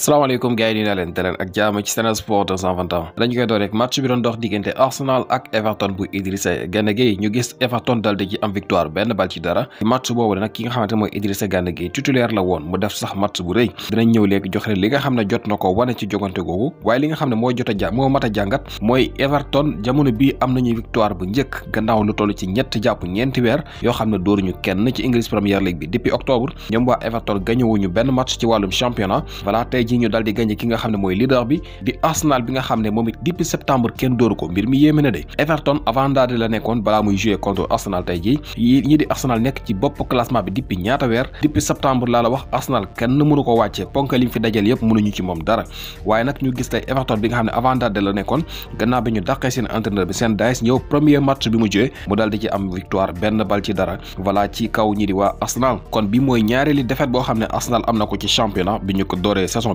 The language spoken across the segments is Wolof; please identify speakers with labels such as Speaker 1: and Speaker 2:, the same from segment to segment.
Speaker 1: salaamaaleykum gars yi nii na leen te leen ak jaama ci Sen Sport 221 dañu koy door rek match bi doon dox diggante Arsenal ak Everton bu Idrissa Gana Gueye ñu gis Everton dal ci am victoire benn bal ci dara match boobu nag ki nga xamante mooy Idrissa Gana Gueye titulaire la woon mu def sax match bu rëy dinañ ñëw léegi jox leen li nga xam ne jot na ko wane ci jogante googu waaye li nga xam ne mooy jot a ja moo mat a jàngat mooy Everton jamono bii am nañu victoire bu njëkk gannaaw lu toll ci ñett jàpp ñeenti yoo xam ne dóoruñu kenn ci English Premier League bi depuis octobre ñoom waa Everton gañowuñu benn match ci wàllum championnat ji ñu dal di gagné ki nga xamne moy leader bi di arsenal bi nga xamne momit September depuis septembre ken dooru ko mbir mi na de everton avant d'aller la nekkoon bala muy jouer contre arsenal tay ji ñi di arsenal nek ci bop classement bi depuis ñaata wer depuis septembre la la wax arsenal kenn mënu ko wacce ponk liñ fi dajal yépp ñu ci mom dara waaye nak ñu gis tay everton bi nga xamne avant d'aller la nekkoon ganna bi ñu dàqee seen entraîneur bi seen dice ñëw premier match bi mu jouer mu dal ci am victoire ben bal ci dara voilà ci kaw ñi di wa arsenal kon bi moy ñaareli défaite bo xamne arsenal amna ko ci championnat bi ñu ko doré saison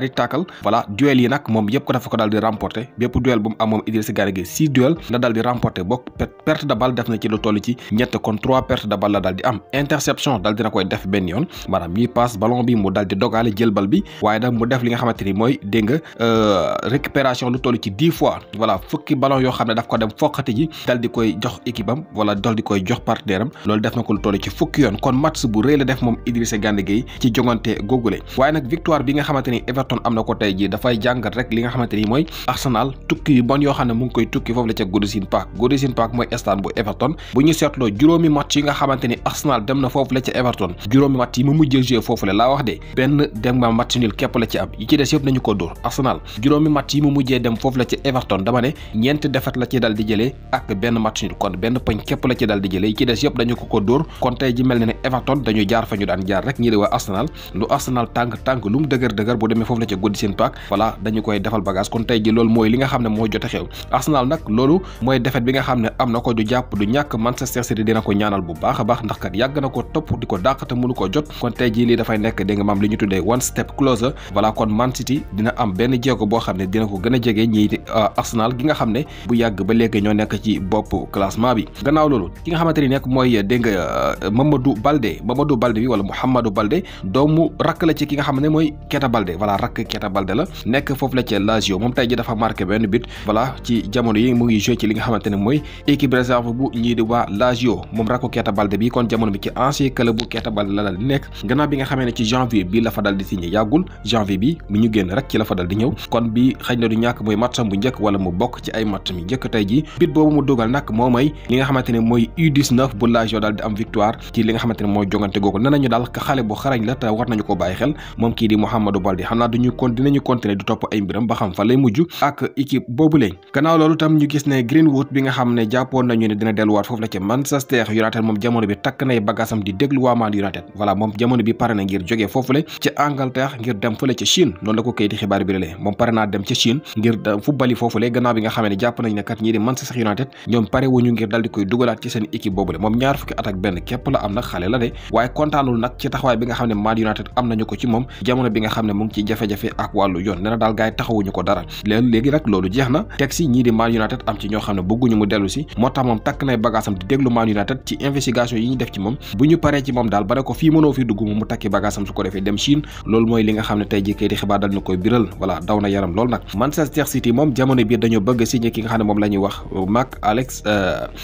Speaker 1: ñaari taakal voilà duel yi nag moom yëpp ko dafa ko daal di lu toll ci ñett euh, fois voilà fukki ballon yoo xam ne daf ko dem foqati ji dal di koy jox équipe am dal di koy jox partenaire loolu def na ko lu toll ci fukki yoon kon match bu rëy la def moom Idrissa Gana Gueye ci jongante googule waaye nag victoire bi nga xamante Everton am na ko tey jii dafay jàngat rek li nga xamante ni mooy Arsenal tukki yu bon yoo xam ne mu ngi koy tukki foofu la ca Goodison Park Goodison Park mooy stade bu Everton bu ñu seetloo juróomi match yi nga xamante ni Arsenal dem na foofu la ca Everton juróomi match yi mu mujjee joué foofu la ci am yi ci des yëpp nañu ko dóor Arsenal juróomi match yi mu la ca Everton dama ne ñeenti defet la ci dal di jëlee ak benn match nul kon benn poñ képp la ci dal di jëlee yi ci des yëpp dañu ko ko dóor kon tey ji mel ne ne Everton dañu jaar fa ñu daan jaar rek ñi di waa Arsenal lu la ci goudi sen paak voilà dañu koy defal bagage kon tay ji lool moy li nga xamne mo jotté xew Arsenal nak loolu moy defet bi nga xamne amna am ko du japp du ñak Manchester City dina ko ñaanal bu baaxa baax ndax kat yag na ko top di dakk te mënu ko jot kon ji li da fay nek de nga mam li ñu one step closer voilà kon Man City dina am ben jéego bo xamne dina ko gëna jégé ñi euh, Arsenal gi nga xamne ne bu yag ba légui ño nek ci bop classement bi gannaaw loolu ki nga xamanteni nek moy de nga euh, Mamadou Balde Mamadou Balde wi wala Mouhamadou Balde doomu rak la ci ki nga xamne moy keta Balde voilà ak kon bi ci na du ñàkk mooy matcham bu njëkk wala mu bokk ci ay match mi njëkk tey ji but boobu mu dugal nag moo may li nga xamante mooy U19 bu Lazio daal di am victoire ci li nga xamante mooy jongante googu nee nañu daal xale bu xarañ la te war nañu ko bàyyi xel moom kii di Mouhamadou Baldé xam naa ñu kon di topp ay mbiram ba xam fa lay mujj ak équipe boobu gannaaw loolu tam ñu gis ne Greenwood bi nga xam ne jàpp nañu kat ñii di Manchester United ñoom pare wuñu ngir dal koy dugalaat ci seen équipe boobule moom ñaar fukki at ak benn képp la am nag xale la de waaye kontaanul nag ci taxawaay bi nga xam ne Man United am nañu ko ci moom jamono bi nga xam ne mu ci jafe jafé ak walu yoon néna dal daal gars yi taxawuñu ko dara leen léegi nag loolu modelusi. na teg di Man United am ci ño xamne ne bëgguñu mu delu ci moo mom tak nay bagasam di déglu Man United ci investigation yi ñi def ci mom bu ñu ci mom dal bare ko fi mëno fi dugg mu takki bagasam su ko défé dem Chine lolu moy li nga xamne tay jikee di xibaar dal biral wala dawna yaram lolu nak Manchester City mom jamono bi dañu bëgg signé ki nga xamne mom lañuy wax Mac Alex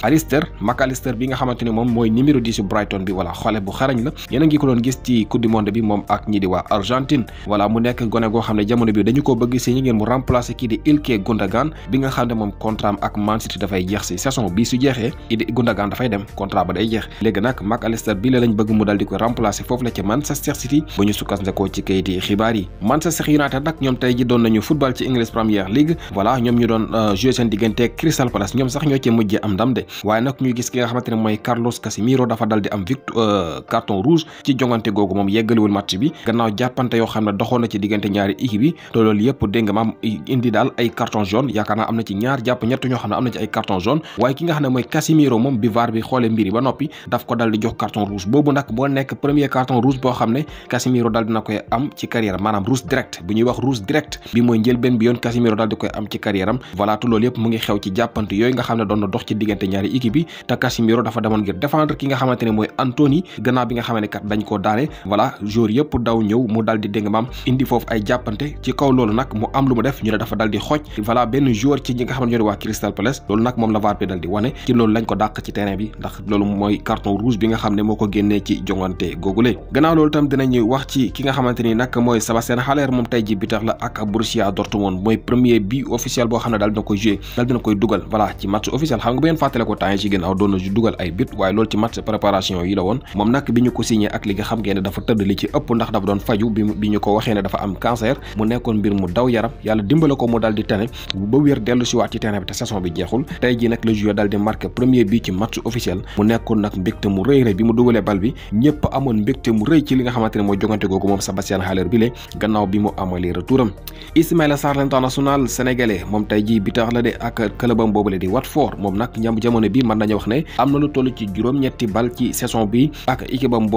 Speaker 1: Alister Mac Alister bi nga xamanteni mom moy numéro 10 Brighton bi wala xolé bu xarañ la yéen ngi ko doon gis ci coupe du monde bi mom ak ñi di wa Argentine wala mu nekk gone goo xam ne jamono bi dañu ko bëgg si ngeen mu remplacer kii di Ilkay Gundogan bi nga xam ne moom contrat ak Man dafay jeex si saison bi su jeexee kii dafay dem contrat ba day jeex léegi nag McAllister bi la bëgg mu dal di ko remplacer foofu la ci Manchester City bu ñu sukkandikoo ci kayiti xibaar yi Manchester United nag ñoom tey ji doon nañu football ci English Premier League voilà ñoom ñu doon euh, joué seen diggante Crystal diggante ñaari équipe yi te loolu yëpp dégg maam indi daal ay carton jaune yaakaar naa am na ci ñaar jàpp ñett ñoo xam ne am na ci carton jaune waaye ki nga xam ne mooy Casemiro gannaaw bi nga xamante dañ koo daane voilà joueur yëpp daw ñëw mu dal di dégg maam indi foofu ay jàppante ci kaw loolu nag mu am lu mu def ñu ne dafa dal di xooj voilà benn joueur ci nga xam ne ñoo ko dàq ci nga moo ko génnee ci jongante googule gannaaw loolu tam dinañuy wax ci ki nga xamante ni nag mooy Sébastien Haller moom tey ji bi tax la ak Borussia Dortmund mooy premier but officiel boo xam ne daal dina koy joué daal dina koy dugal voilà ci match officiel xam nga bu ngeen fàttale ko temps yi ci ginnaaw doon na dugal ay but waaye loolu ci match préparation yi la woon moom nag bi ñu ko signé ak li nga xam ngeen ne dafa tëdd li ci ëpp ko waxee ne am cancer mu nekkon mbir mu daw yaram yalla dimbalé ko mu daldi di ba wër dellu ci wat ci terrain bi té saison bi jéxul tay ji nak le joueur daldi marqué premier bi ci match officiel mu nekkon nak mbégte mu reuy reuy bi mu dougalé bal bi ñepp amone mbégte mu reuy ci li nga xamanténi mo mooy jogante googu moom Sébastien Haller bi lé gannaaw bi mu amalé retouram Ismaël Sarr l'international sénégalais mom tay ji bi tax la de ak këlëbam boobule di Watford mom nak ñam jamono bi man nañ wax né amna lu tollu ci juroom ñetti bal ci saison bi ak équipe am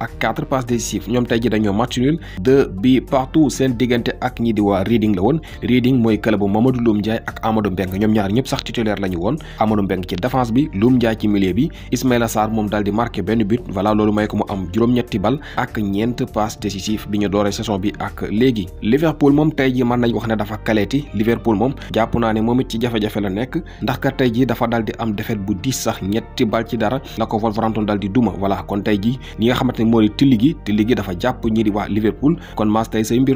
Speaker 1: ak quatre passes décisives ñom tay ji dañu match nul 2 bi partout sen seen diggante ak ñi di wa reading la won reading moy club mamadou lum jaay ak amadou mbeng ñom ñaar ñep sax titulaire lañu won amadou mbeng ci défense bi lum jaay ci milieu bi ismaila sar mom daldi di ben but voilà lolu may ko mu am juroom ñetti bal ak ñent passe décisif bi ñu dooree saison bi ak légui liverpool mom tay ji man nañ wax ne dafa kaléti liverpool mom jappuna né momit ci jafé jafé la nek ndax ka tay ji dafa daldi di am défaite bu 10 sax ñetti bal ci dara nako wolverhampton daldi di duma voilà kon tay ji ñi nga xamante ne moo di dafa japp ñi di wa liverpool kon maas tey say mbir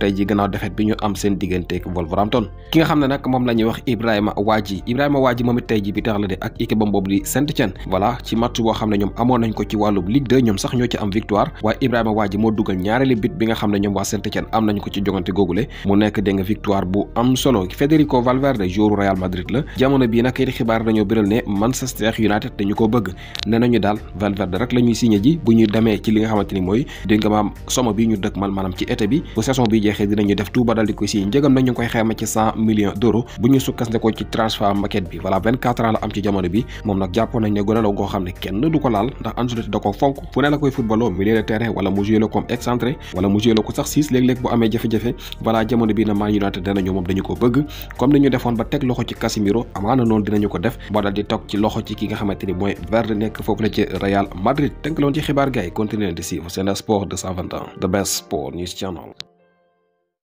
Speaker 1: tey ji gannaaw defet bi ñu am seen digganteeg Wolverhampton ki nga xam ne nag moom la ñuy wax Ibrahima Wadji Ibrahima Wadji moom it tey ji bi tax la de ak équipe bam di Saint-Étienne voilà ci match boo xam ne ñoom amoon nañ ko ci wàllub Ligue 2 ñoom sax ñoo ci am victoire waaye Ibrahima Wadji moo dugal ñaareelu bit bi nga xam ne ñoom waa Saint-Étienne am nañ ko ci jogante googule mu nekk dégg victoire bu am solo Federico Valverde joueur Real ne Manchester United dañu ko bëgg ne nañu daal Valverde rek la ñuy signé ji ni mooy dégg nga jeexee dinañu def Touba dal di ko si njëgam nag ñu ngi koy xayma ci cent millions d'euros bu ñu sukkandikoo ci transfert maquette bi voilà am ci jamono bi moom nag jàppoon nañ ne ndax Ancelotti da ko fonk fu ne la koy footballoo milieu de terrain wala mu comme excentré wala mu ko sax six léeg-léeg bu amee jafe-jafe voilà jamono bi na Man United danañu moom dañu ko bëgg comme dañu defoon ba teg loxo ci Casemiro amaana dinañu ko def ba dal di ci loxo